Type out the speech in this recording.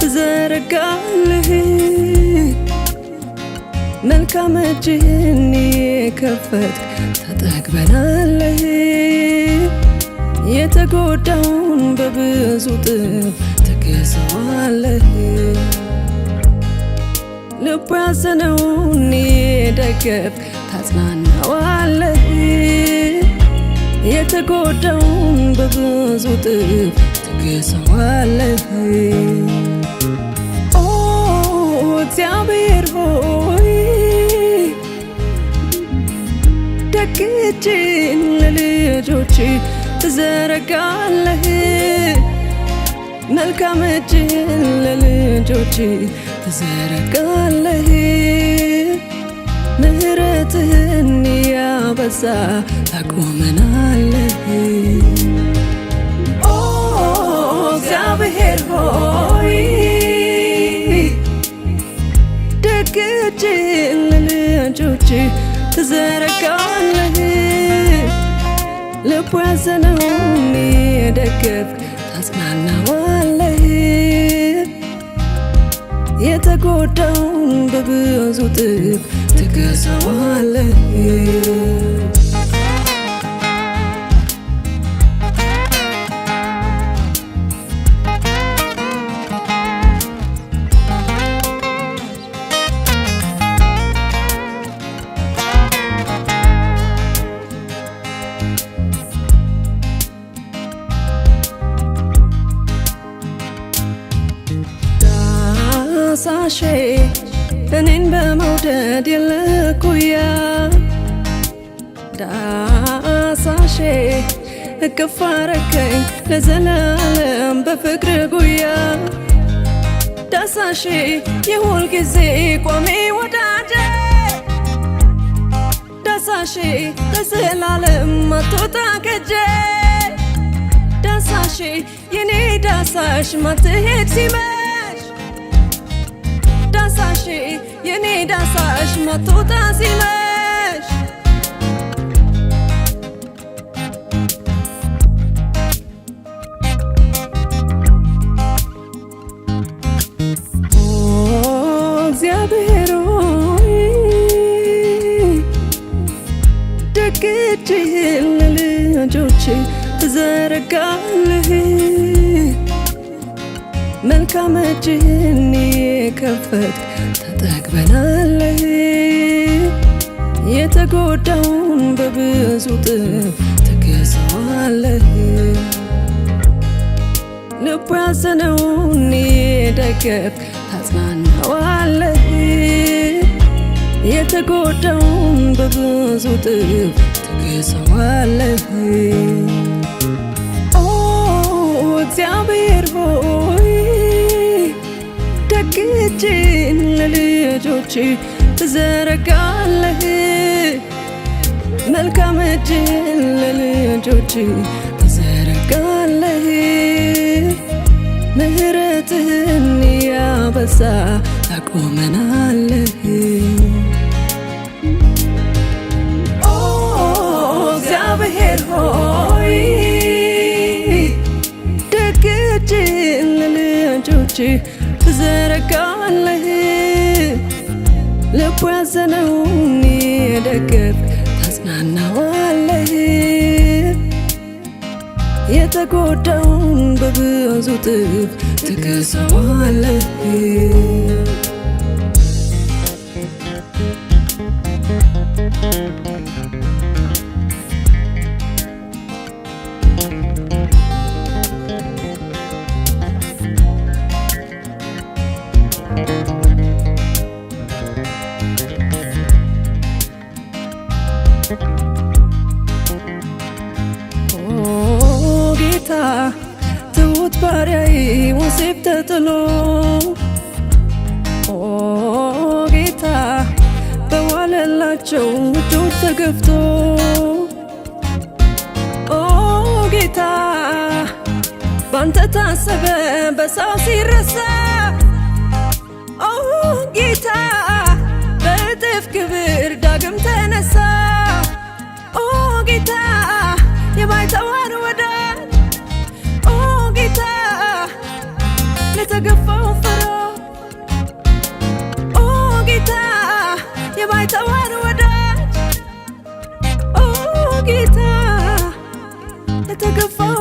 ትዘረጋለህ መልካም እጅህን የከፈት ተጠግበናለህ የተጎዳውን በብዙ ጥፍ ትገዛዋለህ ልቡ ያዘነውን የደገፍ ታጽናናዋለህ የተጎዳውን በብዙ ጥፍ ታገሰዋለህ። ኦ እግዚአብሔር ሆይ ደግ እጅን ለልጆች ትዘረጋለህ። መልካም እጅን ለልጆች ትዘረጋለህ። ምህረትህን ያበዛ ታቆመናለህ። ትዘረጋዋለህ ልቡ ያዘነውን የደገፍ ታጽናናዋለህ የተጎዳውን በብዙ ጥፍ ትገዛዋለህ ፈሳሼ እኔን በመውደድ የለኩያ ዳሳሸ እቅፍ አረከኝ ለዘላለም በፍቅር ጉያ ዳሳሼ የሁል ጊዜ ቆሜ ወዳጀ ዳሳሼ ለዘላለም አቶታ ከጄ ዳሳሼ የኔ ዳሳሽ ማትሄድ ሲመ የኔ ዳሳሽ መቶታ ሲመሽ እግዚአብሔር ደግ እጅህን ለልጆች ትዘረጋለህ መልካም እጅህን የከፈት ተጠግበናል። የተጎዳውን በብዙ ጥፍ ትገዛዋለህ። ልቡ ያዘነውን የደገፍ ታጽናናዋለህ። የተጎዳውን በብዙ ጥፍ ትገዛዋለህ። ኦ እግዚአብሔር ሆይ እጅን ለልጆች ትዘረጋለህ መልካም እጅን ለልጆች ትዘረጋለህ ምህረትህን ያበሳ ታቆመናለህ እግዚአብሔር ሆይ ደግ እጅን ለልጆች ትዘረጋለህ ልቡ ያዘነውን የደገፍ ታጽናናዋለህ የተጎዳውን በብዙ ጥፍ ትገዛዋለህ በሰይፍ ተጥሎ ጌታ በዋለላቸው ውዶች ተገፍቶ ጌታ ባንተ ታሰበ በሰው ሲረሳ ጌታ በእጥፍ ክብር ዳግም ተነሳ ጌታ የባይተዋር ወዳጅ ኦ ጌታ ለተገፋ